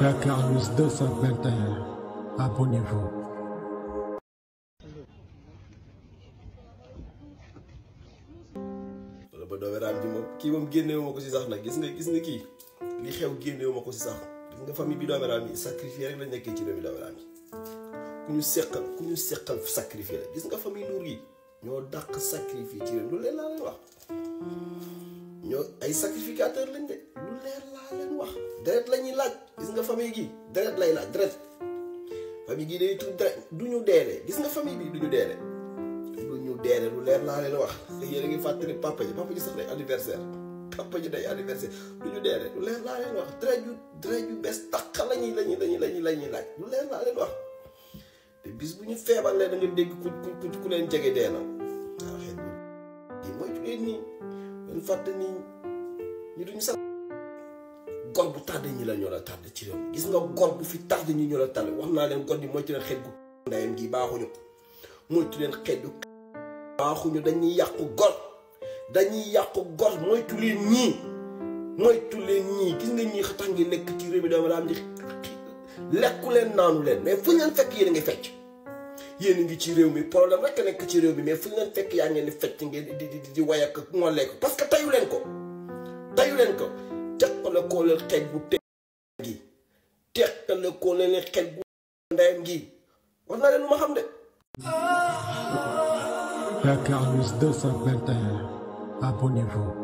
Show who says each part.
Speaker 1: Dakar News 221 abonnez kii moom génnewu ma ko si sax nag gis nga gis nga kii li xew génnewu ma ko si sax gis nga famille bi doobee yi sacrifié rek la nekkee ci réew mi doobee raam yi ku ñu seqal ku ñu seqal sacrifié gis nga famille Ndour yi ñoo dàq sacrifié ci réew leen laa leen wax ñoo ay sacrificateur lañ de. leer laa leen wax deret la ñuy laaj gis nga famille gi deret lay laaj deret famille gi day tudd deret du ñu gis nga famille bi du ñu deede du lu leer laa leen wax te yéen a ngi fàttali papa ji papa ji sax day anniversaire eh. papa ji day anniversaire eh. du ñu lu leer laa leen wax deret yu deret yu bees taq lañuy lañuy lañuy lañuy lañuy laaj lu leer laa leen wax te bis bu ñu feebarlee da nga dégg ku ku ku leen jege dee na waaw xeet bi mooy jugee nii ngeen fàtte nii ñu duñu sax gor bu tardé ñi la ñoo la tardé ci réew mi gis nga gor bu fi tardé ñi ñoo la tardé wax naa leen gor ñi moytu leen xeet gu ndayam gi baaxuñu moytu leen xeet gu baaxuñu dañuy yàqu gor dañuy yàqu gor moytu leen ñii moytu leen ñii gis nga ñii xatax ngi nekk ci réew mi dama daam di lekku leen naanu leen mais fu leen fekk yéen a ngi fecc yéen ngi ci réew mi problème rek nekk ci réew mi mais fu leen fekk yaa ngeen di fecc ngeen di di di wayak ak moo lekk parce que tayu leen ko tayu leen ko le colère xeej bu teg gi teqal la kooleel xeej bu ndeyam gi wax naa leen ma xam de Dakar 221 abonnez-vous